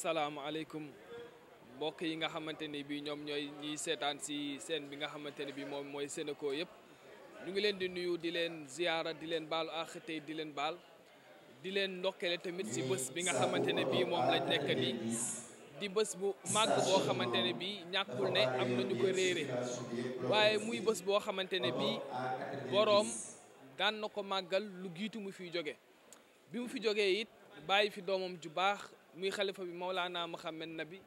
asalaamaaleykum mbokk yi nga xamante ni bi ñoom ñooy ñiy seetaan si seen bi nga xamante ne bi moom mooy Sénéco yëpp ñu ngi leen di nuyu di leen ziyaara di leen baalu àq tey di leen baal di leen ndokkele tamit ci bés bi nga xamante ne bii moom lañ nekk nii di bës bu màgg boo xamante ne bii ñàkkul ne am nañu ko réere waaye muy bës boo xamante ne bii boroom daan na ko màggal lu giitu mu fi jóge bi mu fi jógee it bàyyi fi doomam ju baax muy xalifa bi Mawlana Mohamed bi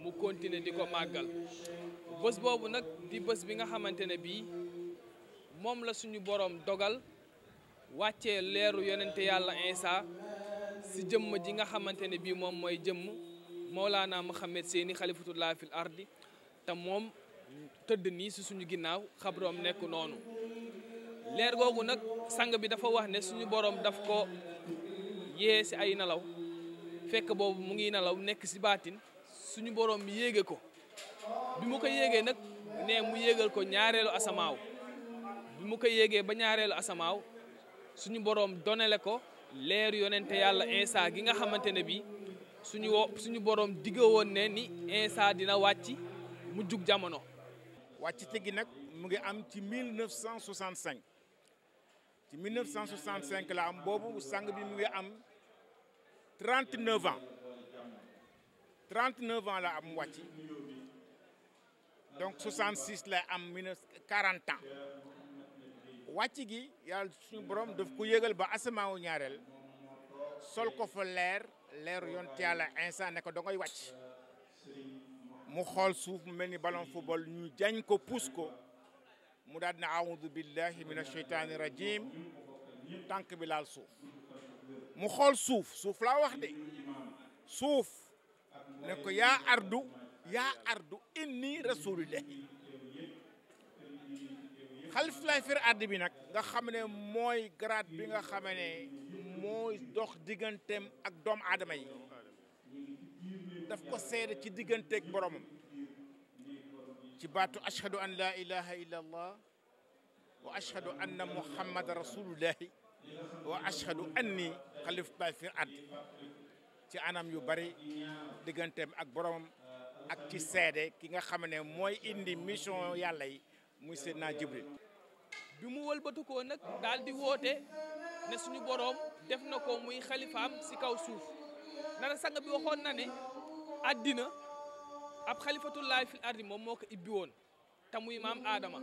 mu kontine di ko màggal bés boobu nag di bés bi nga xamante ne bii moom la suñu boroom dogal wàcce leeru yonente yàlla Isa si jëmm ji nga xamante ne bii moom mooy jëmm Mawlana Mohamed Seyni xalifatullah fil ardi te moom tëdd nii si suñu ginnaaw xabroom nekk noonu leer googu nag sang bi dafa wax ne suñu boroom daf ko yee ay nelaw fekk boobu mu ngi nelaw nekk si baatin suñu borom mi yéege ko bi mu ko yéegee nag ne mu yéegal ko ñaareelu asamaaw bi mu ko yéegee ba ñaareelu asamaaw suñu borom donele ko leer yonente yàlla instant gi nga xamante ne bi suñu wo suñu borom digge woon ne ni instant dina wàcc mu jug jamono wàcc te nag mu ngi am ci 1965 ci 1965 la am boobu sang bi mu ngi am 39 ans 39 ans la am wàcc donc 66 la am mille 40 ans wàcc gi yàlla suñu borom daf ko yëgal ba asamaawu ñaareel sol ko fa leer leeru yonent yàlla instant ne ko da ngay wàcc mu xool suuf mu mel ni ballon football ñu jañ ko puus ko mu daal dina aoudu billahi min asheytaani rajim tànk bi laal suuf mu xool suuf suuf laa wax de suuf ne ko yaa ardu yaa ardu inni rasulillahi xalif lay fir ardi bi nag nga xam ne mooy grade bi nga xam ne mooy dox digganteem ak doomu aadama yi daf ko seede ci digganteeg boromam ci baatu ashhadu an laa ilaha illa allah wa ashhadu anna muhammadan rasulullahi wa ashhadu anni xalif baay fi ci anam yu bari digganteem ak boroom ak ci seede ki nga xam ne mooy indi mission yàlla yi muy Seydina Jibril bi mu wëlbatukoo nag daal di woote ne suñu boroom def na ko muy xalifaam si kaw suuf nana sang bi waxoon na ne àddina ab xalifatullaahi fil ardi moom moo ko ibbi woon te maam aadama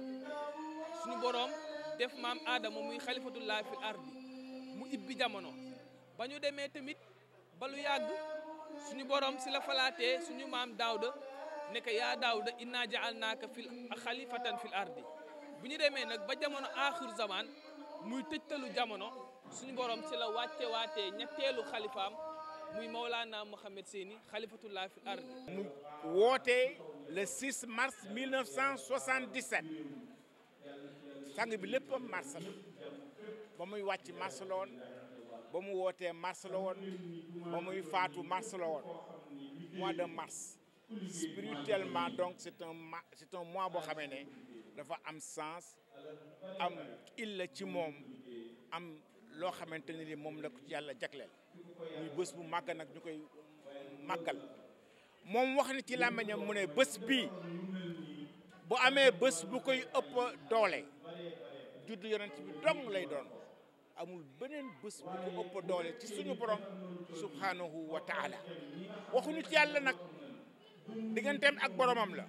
suñu boroom def maam aadama muy xalifatullah fil ardi mu ibbi jamono ba ñu demee tamit ba lu yàgg suñu borom si la falaatee suñu maam daawda ne ko yaa daawda inna jaalnaaka fil xalifatan fil ardi bu ñu demee nag ba jamono aaxir zaman muy tëjtalu jamono suñu borom si la wàcce waatee ñetteelu xalifaam muy Maulana Mohamed Séni xalifatullah fil ardi mu wootee le 6 mars 1977 sang bi léppam marché la ba muy wàcc marché la ba mu wootee marché la woon ba muy faatu marché mois de mars spirituellement donc c'est un mois boo xamee ne dafa am sens am illa ci moom am loo xamante ne ni moom la ko ci yàlla jagleel muy bés bu màgg nag ñu koy màggal moom wax ni ci làmmiñam mu ne bës bii bu amee bës bu koy ëpp doole juddu yonent bi dong lay doon amul beneen bés bu ëpp doole ci suñu borom subhanahu wa waxuñu ci yàlla nag digganteem ak boromam la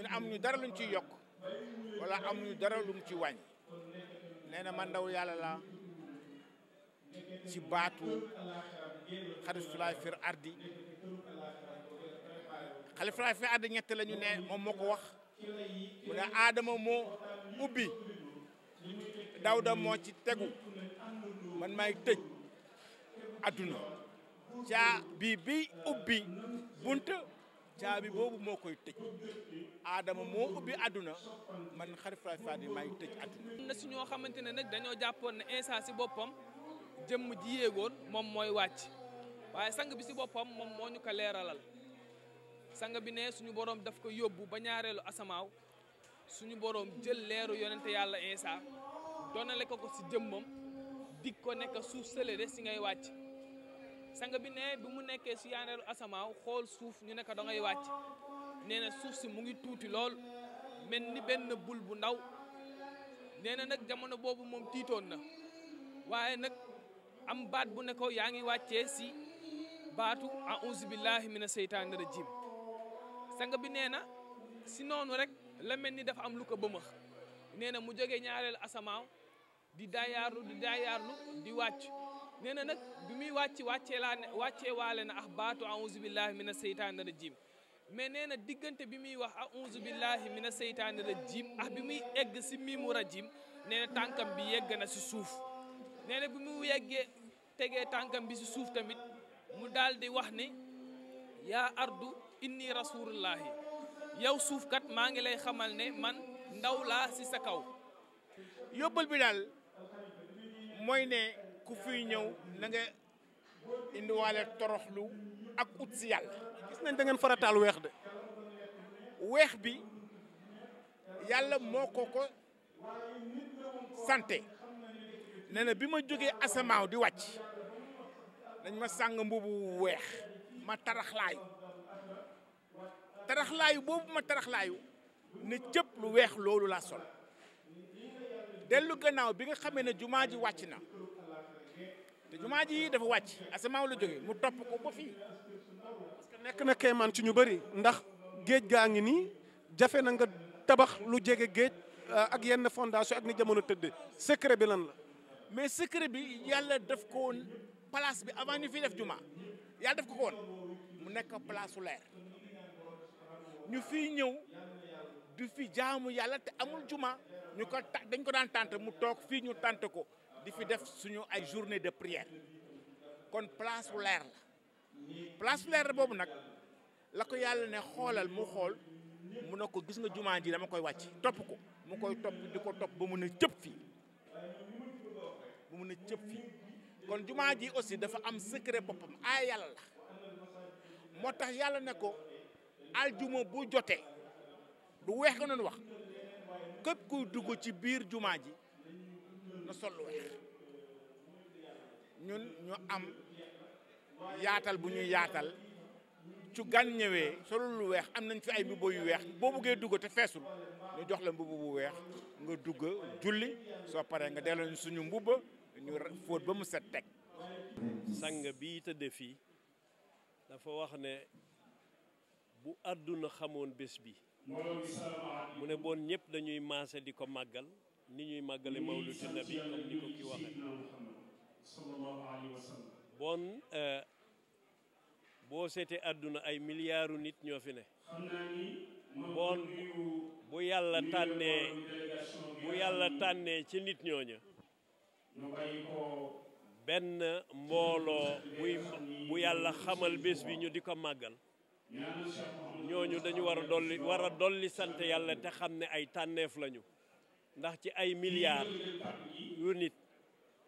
ñu amuñu dara luñ ci yokk wala amuñu dara luñ ci wàññi nee na man ndaw yàlla la ci baatu xalifulaay fir ardi xalifulaay fir ardi ñett la ñu ne moom moo ko wax mu ne aadama moo ubbi Daouda moo ci tegu man maay tëj adduna caabi bi ubbi bunt caabi boobu moo koy tëj aadama moo ubbi adduna man Khalifa Laye Fady tëj adduna. na si ñoo xamante ne nag dañoo jàppoon ne instant si boppam jëmm ji yéegoon moom mooy wàcc waaye sang bi si boppam moom moo ñu ko leeralal sang bi ne suñu borom daf ko yóbbu ba ñaareelu asamaaw suñu borom jël leeru yonente yàlla instant. donale ko ko si jëmmam dig ko nekk suuf sële si ngay wàcc sang bi ne bi mu nekkee si yaaneelu asamaaw xool suuf ñu ne ko da ngay wàcc nee na suuf si mu ngi tuuti lool mel ni benn bul bu ndaw nee na nag jamono boobu moom tiitoon na waaye nag am baat bu ne yaa ngi wàccee si baatu auzu billahi mina seytaani rajim sang bi nee na si noonu rek la mel ni dafa am lu ko bëmax nee na mu jógee ñaareel asamaaw di daayaarlu di daayaarlu di wàcc nee na nag bi muy wàcc wàccee laa ne wàccee waale na ah baatu auzu billahi a seytaani rajim mais nee na diggante bi muy wax a auzu billahi mina seytaani rajim ah bi muy egg si miimu rajim nee na tànkam bi yegg na si suuf nee bi mu yeggee tegee tànkam bi si suuf tamit mu daal di wax ni yaa ardu inni rasulullahi yow suufkat maa ngi lay xamal ne man ndaw laa si sa kaw yóbbal bi daal mooy ne ku fiy ñëw na nga indiwaale toroxlu ak ut si yàlla. gis nañ da ngeen farataal weex de weex bi yàlla moo ko ko sante nee na bi ma jógee asamaaw di wàcc dañ ma sàng mbubu weex ma taraxlaayu taraxlaayu boobu ma taraxlaayu ne cëpp lu weex loolu laa sol. dellu gannaaw bi nga xamee ne jumaa ji wàcc na te jumaa ji dafa wàcc asamaan la jógee mu topp ko ba fii. nekk na kéemaan ci ñu bëri ndax géej gaa ngi nii jafe na nga tabax lu jege géej euh, ak yenn fondation ak ni jamono tëddee secret bi lan la. mais secret bi yàlla def ko woon place bi avant ñu fi def jumaa yàlla def ko ko woon mu nekk place su leer ñu fiy ñëw. du fi jaamu yàlla te amul juma ñu ko ta dañ ko daan tànt mu toog fii ñu tànt ko di fi def suñu ay journée de prière kon place bu leer la place bu leer la boobu nag la ko yàlla ne xoolal mu xool mun na ko gis nga jumaa ji dama koy wàcc topp ko mu koy topp di ko topp ba mun a cëp fii ba mun a cëp kon jumaa ji aussi dafa am secret boppam ay yàlla la moo tax yàlla ne ko aljuma bu jotee du weex nga doon wax këpp kuy dugg ci biir jumaa ji na sol lu weex ñun ñu am yaatal bu ñuy yaatal su gan ñëwee solul lu weex am nañ fi ay mbubb yu weex boo bëggee dugg te feesul ñu jox la mbubb bu weex nga dugg julli soo paree nga delloo suñu mbubb ñu fóot ba mu set teg sang bi tëdd fii dafa wax ne bu àdduna xamoon bés bi mu ne boon ñëpp dañuy maase di ko màggal ni ñuy màggale mawludu nabi comme ni ko ki waxe bon euh, boo seetee àdduna ay miliyaaru nit ñoo fi ne bon bu yàlla tànnee bu yàlla tànnee ci nit ñooña benn mbooloo buy bu yàlla xamal bés bi ñu di ko màggal ñooñu dañu war dolli war a dolli sant yàlla te xam ne ay tànneef lañu ndax ci ay milliards yu nit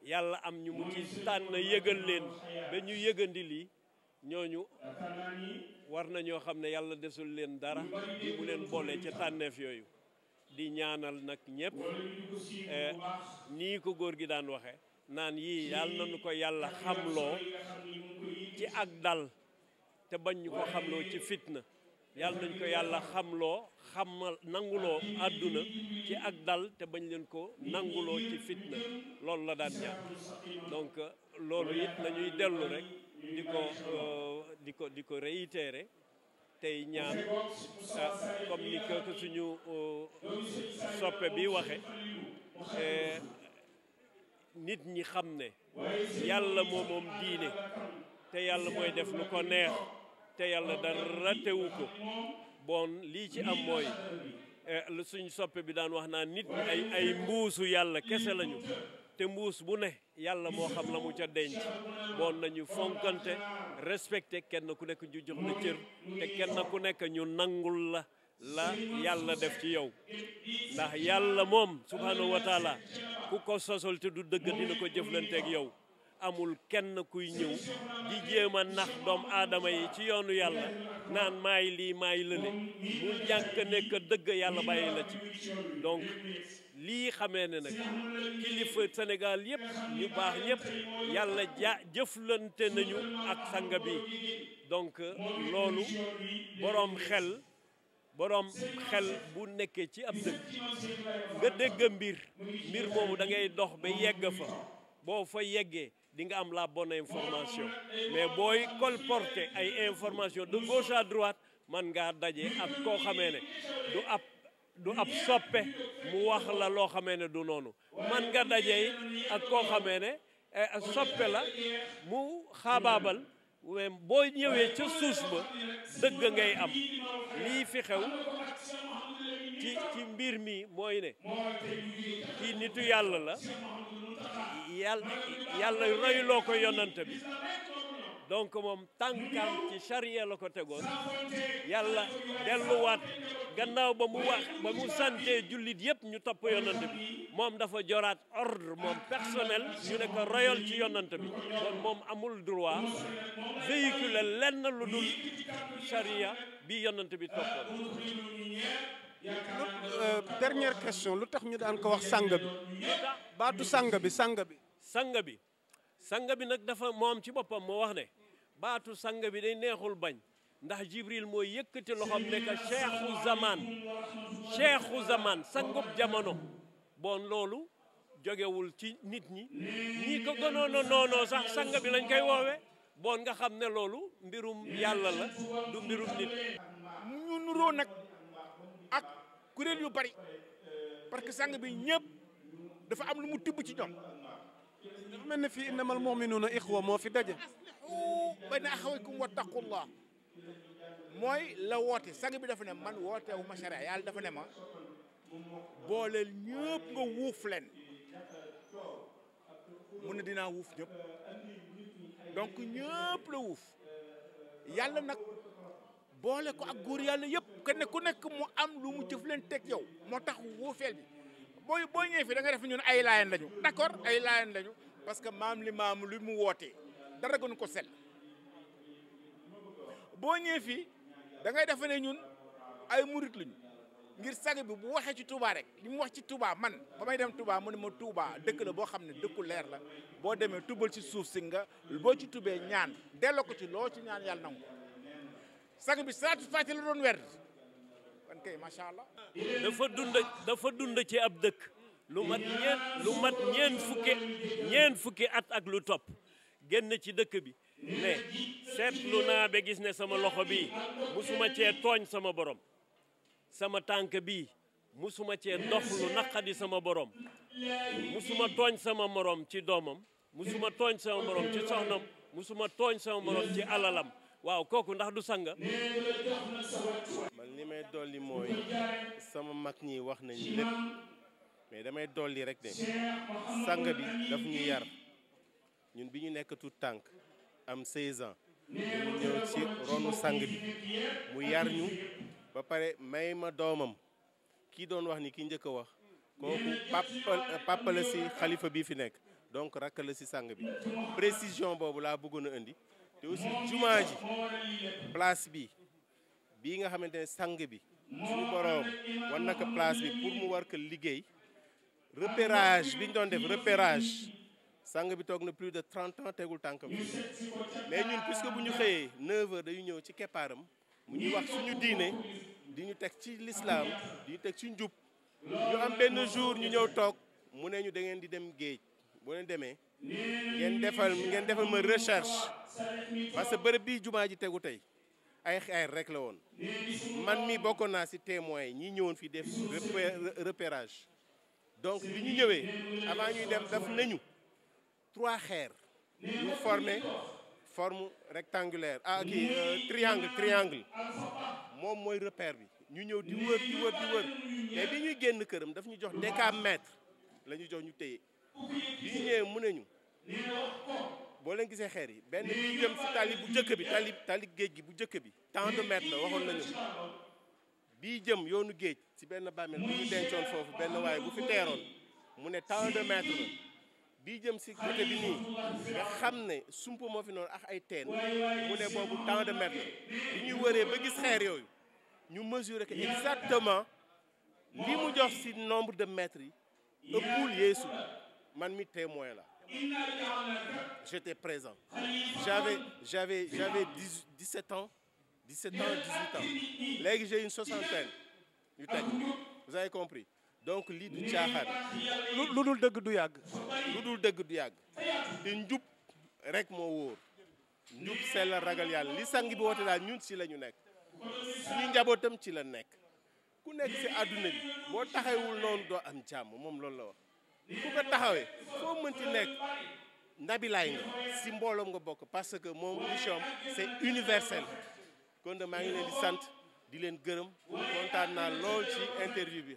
yàlla am ñu mu ci tànn yëgal leen ba ñu yëgandi lii ñooñu war na ñoo xam ne yàlla desul leen dara di mu leen boole ca tànneef yooyu di ñaanal nag ñépp eh, nii ko góor gi daan waxe naan yii yàlla nañu ko yàlla xamloo ci ak dal te bañ ñu ko xamloo ci fitna yàlla nañ ko yàlla xam loo xamal nanguloo àdduna ci ak dal te bañ leen ko nanguloo ci fitna loolu la daan ñaan donc loolu it nañuy dellu rek di ko euh, di ko di tey ñaan ah, comme ni ko suñu euh, soppe bi waxe nit ñi xam ne yàlla moo moom diine te yàlla mooy def lu ko neex te yàlla dara tewu ko bon lii ci am mooy eh, suñ soppe bi daan wax naa nit ay ay mbuusu yàlla kese lañu te mbuus bu ne yàlla moo xam la mu ca denc bon nañu fonkante respecté kenn ku nekk ñu jox la cër te kenn ku nekk ñu nangul la la yàlla def ci yow ndax yàlla moom subhanahu wa taala ku ko sosol te du dëgg dina ko jëflanteeg yow amul kenn kuy ñëw di jéem a nax doom aadama yi ci yoonu yàlla naan maay lii maay lële mu ñàkk nekk dëgg yàlla bàyyi la ci donc lii xamee ne nag kilifa Sénégal yëpp ñu baax ñëpp yàlla ja jëflante nañu ak sanga bi donc loolu boroom xel boroom xel bu nekkee ci ab dëkk nga dégg mbir mbir moomu da dox ba yegg fa boo fa yeggee di nga am la bonne information mais booy colporter ay information de gauche à droite man ngaa daje ak koo xamee ne du ab du ab soppe mu wax la loo xamee ne du noonu man nga daje ak koo xamee ne eh, soppe la mu xaabaabal boo ñëwee ca suus ba dëgg ngay am lii fi xew ci ci mbir mi mooy ne kii yàlla la yàlla yàlla royloo ko yonante bi donc moom tànkam ci charia la ko tegoon yàlla delluwaat gannaaw ba mu wax ba mu santee jullit yëpp ñu topp yonant bi moom dafa joraat ordre moom personnel ñu ne royal ci yonant bi kon moom amul droit véhiculer lenn lu dul charia bi yonant bi toppoon euh, dernière question lu tax ñu daan ko wax sàng bi baatu sàng bi sàng bi sàng bi sang bi nag dafa moom ci boppam moo wax ne baatu sang bi day neexul bañ ndax jibril mooy yëkkati loxoom nekk cheikhu zaman cheikhu zaman sangub jamono bon loolu jogewul ci nit ñi ñi ko gënoon noonoo sax sang bi lañ koy woowe bon nga xam ne loolu mbirum yàlla la du mbirum nit ñu nuroo nag ak kuréel yu bari parce que sang bi ñëpp dafa am lu mu tibb ci ñoom dafa mel ne fii innamal mu'minuuna ixwa moo fi daje bayna axawaykum wattaqullah mooy la woote sag bi dafa ne man woote wu ma yàlla dafa ne ma booleel ñëpp nga wuuf leen mun na dinaa wuuf ñëpp donc ñëpp la wuuf yàlla nag boole ko ak góor yàlla yëpp kenn nekku nekk mu am lu mu jëf leen teg yow moo tax wuufeel bi booy boo ñëwee fii da nga def ñun ay laayeen lañu d'accord ay laayeen lañu parce que maam li maam lu mu wootee dara gënu ko sell boo ñëwee fii da ngay defe ne ñun ay murit lañu ngir sag bi bu waxee ci Touba rek li mu wax ci Touba man ba may dem Touba mu ne ma Touba dëkk la boo xam ne dëkku leer la boo demee tubal ci suuf si nga boo ci tubee ñaan delloo ko ci loo ci ñaan yal nangu sag bi salaatu fàtte la doon werd macha allah. dafa dund dafa dund ci ab dëkk lu mat ñeen lu mat ñeen fukki ñeen fukki at ak lu topp génn ci dëkk bi. ne seetlu naa ba gis ne sama loxo bi musuma cee tooñ sama borom sama tànk bi musuma cee dox lu sama borom musuma tooñ sama morom ci doomam musuma tooñ sama morom ci soxnam musuma tooñ sama morom alalam waaw kooku ndax du sanga man li may dolli mooy sama mag ñi wax nañ lépp mais damay dolli rek ne sang bi daf ñu yar ñun bi ñu nekk tuut tànk am 16 ans ñu ñëw ci ronu sang bi mu yar ñu ba pare may ma doomam kii doon wax ni ki njëkk a wax kooku papa si xalifa bi fi nekk donc rakk la si sang bi précision boobu laa bëggoon indi te aussi jumaa ji place bi bii nga xamante ne sang bi suñu boroom war naka place bi pour mu war ko liggéey repérage bi doon def repérage sàng bi toog na plus de trente ans tegul tànkam mais ñun puisque bu ñu xëyee neuf heures dañu ñëw ci keppaaram mu ñuy wax suñu diine di ñu teg ci lislaam di ñu teg ci njub ñu am benn jour ñu ñëw toog mu ne ñu da ngeen di dem géej boo leen demee ngeen defal ngeen defal ma recherche parce que bërëb bii jumaa ji tegu tey ay xeer rek la woon man mi bokkoon naa ci témoin yi ñi ñëwoon fi def repérage donc bi ñu ñëwee avant trois xeer ñu former forme rectangulaire ah kii euh, triangle triangle moom mooy repère bi ñu ñëw di wër di wër di wër te bi ñuy génn këram daf ñu jox décamètre la ñu jox ñu téye bi ñu ñëwee mu ne ñu boo leen gisee xeer yi benn bi jëm si tali bu njëkk bi tali géej gi bu njëkk bi tant de mètres waxoon nañu bii jëm yoonu géej si benn bàmmeel bu ñu dencoon foofu benn waaye bu fi teeroon mu ne tant de mètres di jëm si côté bi nii nga xam ne sump moo fi noonu ay teen mu ne boobu tant de mètres bi ñuy wëree ba gis xeer yooyu ñu mesurer que exactement li mu jox si nombre de mètres yi ëppul yeesu man mi témoin la j'étais présent j'avais j'avais j'avais dix dix-sept ans dix-sept ans dix-huit ans léegi j'ai une soixantaine vous avez compris donc lii du caaxaan. lu dul dëgg du yàgg. lu dul dëgg du yàgg. te njub rek moo wóor. njub sell ragal yàlla li sang bi woote daal ñun si lañu nekk. suñu njabootam ci la nekk. ku nekk si àdduna bi boo taxawul noonu am jàmm moom loolu la ko taxawee foo mënti nekk nabilaay nga si mbooloom nga bokk parce que moom mission am c'est kon de maa ngi leen di sant di leen gërëm kontaan naa lool ci interview bi.